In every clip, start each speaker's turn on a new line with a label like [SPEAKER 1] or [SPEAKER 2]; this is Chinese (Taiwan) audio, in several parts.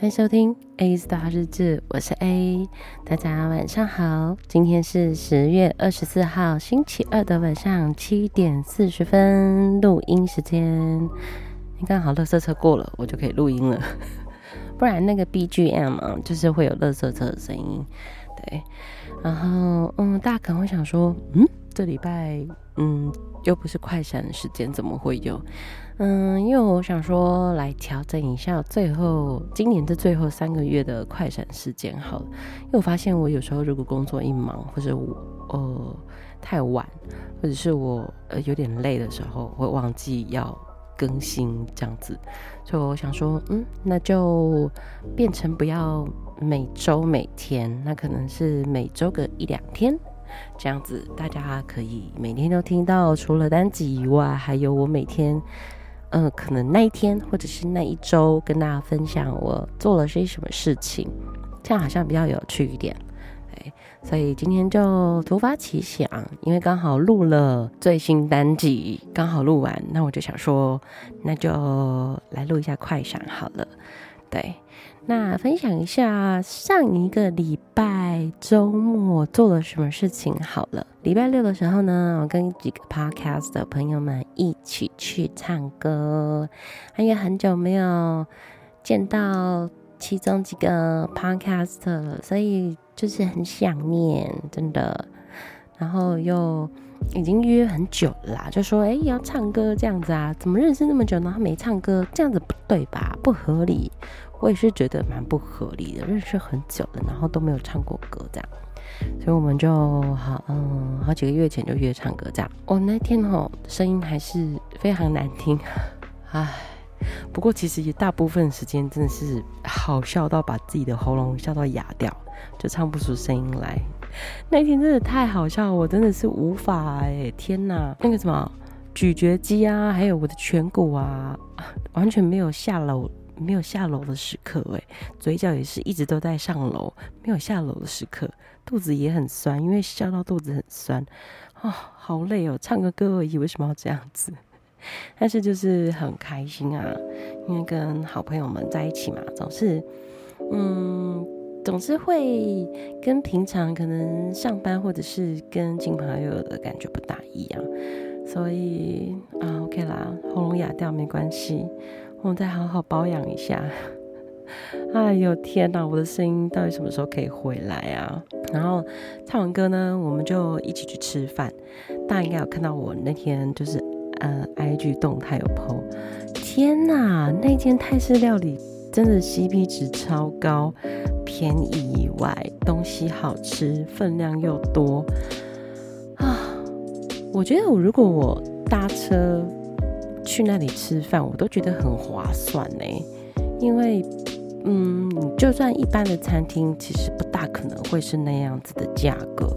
[SPEAKER 1] 歡迎收聽《A Star 日誌》，我是 A，大家晚上好，今天是十月二十四號星期二的晚上七點四十分，錄音時間。你剛好垃圾車過了，我就可以錄音了， 不然那個 BGM、啊、就是會有垃圾車的聲音。對，然後嗯，大家可能會想說，嗯，這禮拜嗯。又不是快閃時間，怎麼會有？嗯，因為我想說，來調整一下最後今年的最後三個月的快閃時間好了。因為我發現我有時候如果工作一忙，或者我呃太晚，或者是我呃有點累的時候，我會忘記要更新這樣子，所以我想說，嗯，那就變成不要每周每天，那可能是每周個一兩天。這樣子，大家可以每天都聽到，除了單集以外，還有我每天，嗯、呃，可能那一天或者是那一周，跟大家分享我做了些什麼事情，這樣好像比較有趣一點。哎，所以今天就突發奇想，因為剛好錄了最新單集，剛好錄完，那我就想說，那就來錄一下快閃好了，對。那分享一下上一個禮拜周末做了什麼事情好了。禮拜六的時候呢，我跟幾個 podcast 的朋友們一起去唱歌，因為很久沒有見到其中幾個 podcast 了，所以就是很想念，真的。然後又已經約很久了啦，就說哎、欸、要唱歌這樣子啊，怎麼認識那麼久呢？然後沒唱歌，這樣子不對吧？不合理。我也是覺得蠻不合理的，認識很久了，然後都沒有唱過歌這樣，所以我們就好，嗯，好幾個月前就約唱歌這樣。我、哦、那天吼，聲音還是非常難聽，唉，不過其實也大部分時間真的是好笑到把自己的喉嚨笑到啞掉，就唱不出聲音來。那天真的太好笑，我真的是無法哎、欸，天哪，那個什麼咀嚼肌啊，還有我的顴骨啊，完全沒有下樓，沒有下樓的時刻，欸，嘴角也是一直都在上樓，沒有下樓的時刻，肚子也很酸，因為笑到肚子很酸，哦，好累哦，唱個歌而已，為什麼要這樣子？但是就是很開心啊，因為跟好朋友們在一起嘛，總是，嗯，總是會跟平常可能上班或者是跟親朋好友的感覺不大一樣，所以啊，OK 啦，喉嚨啞掉沒關係。我們再好好保養一下。 哎呦天哪，我的聲音到底什麼時候可以回來啊？然後唱完歌呢，我們就一起去吃飯。大家應該有看到我那天就是呃，IG 動態有 po。天哪，那間泰式料理真的 CP 值超高，便宜以外，東西好吃，分量又多。啊，我覺得我如果我搭車。去那裡吃飯，我都覺得很划算呢，因為，嗯，就算一般的餐廳，其實不大可能會是那樣子的價格，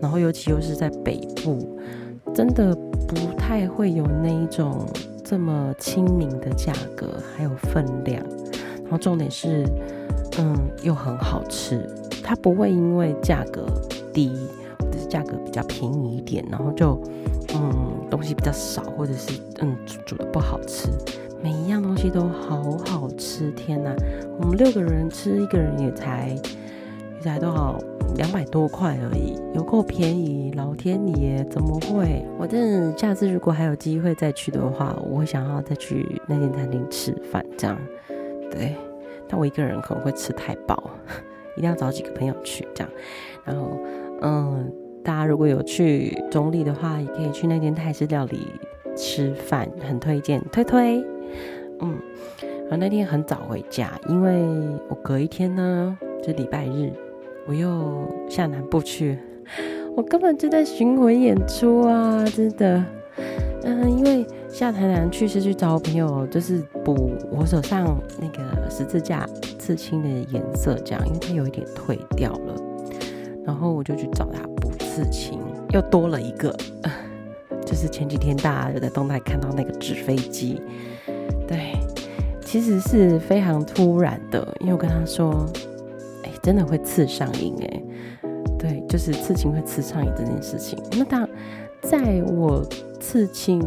[SPEAKER 1] 然後尤其又是在北部，真的不太會有那一種這麼親民的價格，還有分量，然後重點是，嗯，又很好吃，它不會因為價格低，就是價格比較便宜一點，然後就，嗯。東西比較少，或者是嗯煮，煮的不好吃，每一樣東西都好好吃，天哪！我們六個人吃，一個人也才也才都好多少，兩百多塊而已，有夠便宜。老天爺，怎麼會？我真的下次如果還有機會再去的話，我會想要再去那間餐廳吃飯，這樣。對，但我一個人可能會吃太飽， 一定要找幾個朋友去這樣。然後，嗯。大家如果有去中壢的話，也可以去那間泰式料理吃飯，很推薦推推。嗯，然後那天很早回家，因為我隔一天呢，這禮拜日我又下南部去，我根本就在巡迴演出啊，真的。嗯，因為下台南去是去找我朋友，就是補我手上那個十字架刺青的顏色，這樣。因為它有一點褪掉了，然後我就去找他。刺青又多了一個、呃，就是前幾天大家有在動態看到那個紙飛機，對，其實是非常突然的，因為我跟他說，哎、欸，真的會刺上癮，誒，對，就是刺青會刺上癮這件事情。那當在我刺青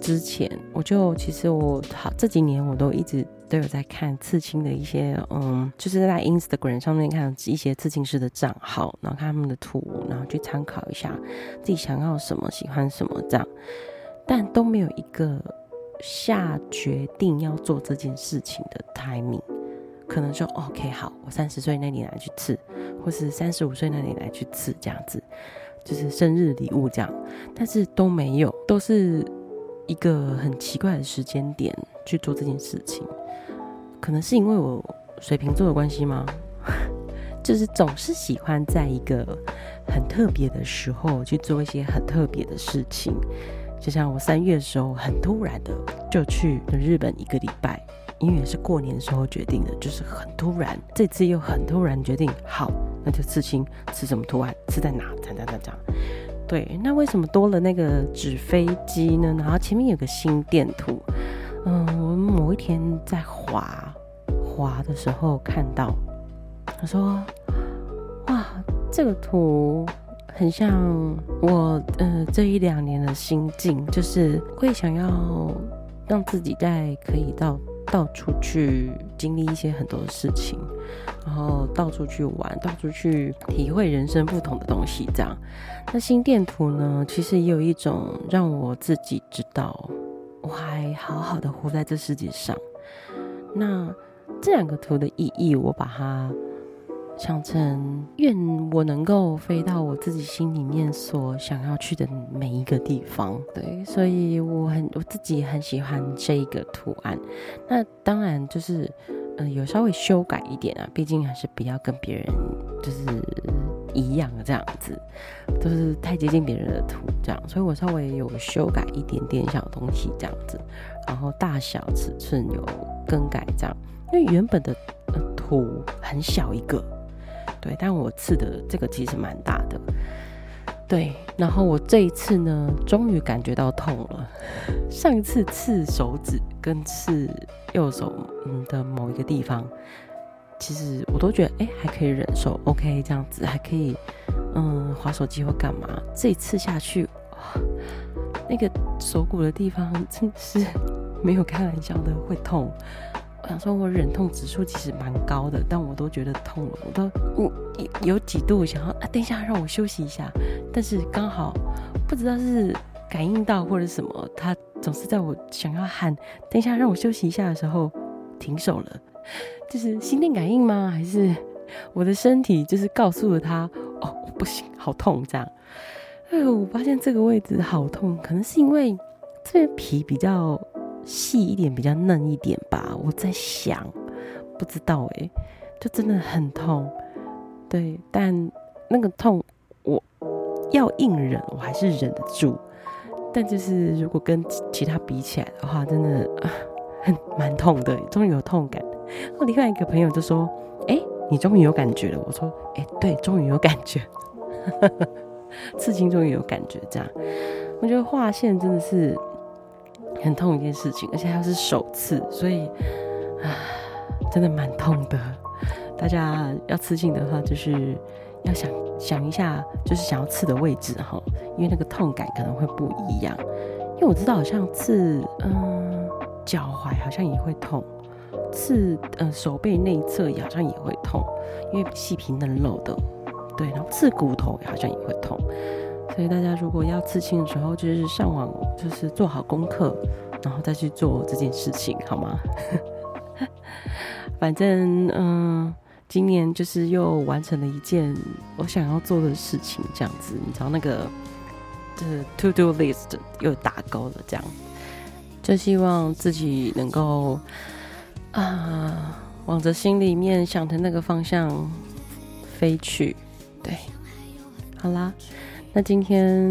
[SPEAKER 1] 之前，我就其實我好這幾年我都一直。都有在看刺青的一些，嗯，就是在 Instagram 上面看一些刺青師的賬號，然後看他們的圖，然後去參考一下自己想要什麼、喜歡什麼這樣。但都沒有一個下決定要做這件事情的 timing，可能說 OK，好，我三十歲那年來去刺，或是三十五歲那年來去刺這樣子，就是生日禮物這樣。但是都沒有，都是一個很奇怪的時間點去做這件事情。可能是因為我水瓶座的關係嗎？ 就是總是喜歡在一個很特別的時候去做一些很特別的事情，就像我三月的時候很突然的就去日本一個禮拜，因為是過年的時候決定的，就是很突然。這次又很突然決定，好，那就刺青，刺什麼圖案，刺在哪？講講講講。對，那為什麼多了那個紙飛機呢？然後前面有個心電圖。嗯，我某一天在。滑滑的時候看到，他說：“哇，這個圖很像我呃這一兩年的心境，就是會想要讓自己在可以到到處去經歷一些很多事情，然後到處去玩，到處去體會人生不同的東西。”這樣，那心電圖呢，其實也有一種讓我自己知道我還好好的活在這世界上。那這兩個圖的意義，我把它想成願我能夠飛到我自己心裡面所想要去的每一個地方。對，所以我很我自己很喜歡這一個圖案。那當然就是，嗯、呃、有稍微修改一點啊，畢竟還是不要跟別人就是一樣的這樣子，都、就是太接近別人的圖這樣，所以我稍微有修改一點點小東西這樣子，然後大小尺寸有更改這樣，因為原本的圖、呃、很小一個，對，但我刺的這個其實蠻大的，對。然後我這一次呢，終於感覺到痛了。上一次刺手指跟刺右手的某一個地方，其實我都覺得哎、欸、還可以忍受，OK 這樣子還可以，嗯滑手機或幹嘛。這一次下去，哦，那個鎖骨的地方真是。沒有開玩笑的會痛，我想說，我忍痛指數其實蠻高的，但我都覺得痛了，我都我有，有幾度想要啊，等一下讓我休息一下，但是剛好不知道是感應到或者什麼，他總是在我想要喊等一下讓我休息一下的時候停手了，就是心電感應嗎？還是我的身體就是告訴了他哦，不行，好痛這樣。哎呦，我發現這個位置好痛，可能是因為這邊皮比較。細一點，比較嫩一點吧。我在想，不知道哎、欸，就真的很痛。對，但那個痛，我要硬忍，我還是忍得住。但就是如果跟其他比起來的話，真的、呃、很蠻痛的、欸。終於有痛感。然後另外一個朋友就說：“誒、欸、你終於有感覺了。”我說：“誒、欸、對，終於有感覺， 刺青終於有感覺。”這樣，我覺得畫線真的是。很痛一件事情，而且它是首次，所以啊，真的蠻痛的。大家要刺青的話，就是要想想一下，就是想要刺的位置哈、哦，因為那個痛感可能會不一樣。因為我知道，好像刺嗯、呃、腳踝好像也會痛，刺嗯、呃、手背內側也好像也會痛，因為細皮嫩肉的，對。然後刺骨頭也好像也會痛。所以大家如果要刺青的時候，就是上網，就是做好功課，然後再去做這件事情，好嗎？ 反正嗯，今年就是又完成了一件我想要做的事情，這樣子，你知道那個就是 to do list 又打勾了，這樣。就希望自己能夠啊，往着心裡面想的那個方向飛去，對，好啦。那今天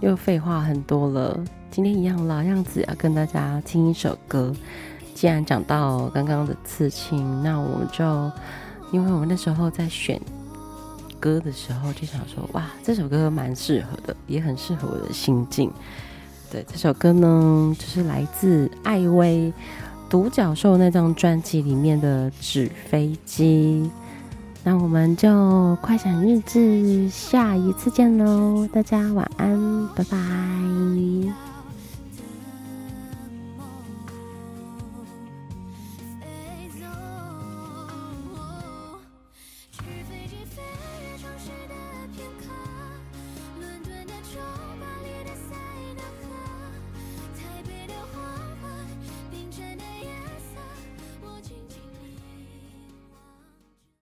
[SPEAKER 1] 又廢話很多了，今天一樣啦，這樣子要跟大家聽一首歌。既然講到剛剛的刺青，那我就，因為我們那時候在選歌的時候就想說，哇，這首歌蠻適合的，也很適合我的心境。對，這首歌呢，就是來自艾薇《獨角獸》那張專輯裡面的《紙飛機》。那我們就快閃日誌，下一次見嘍！大家晚安，拜拜。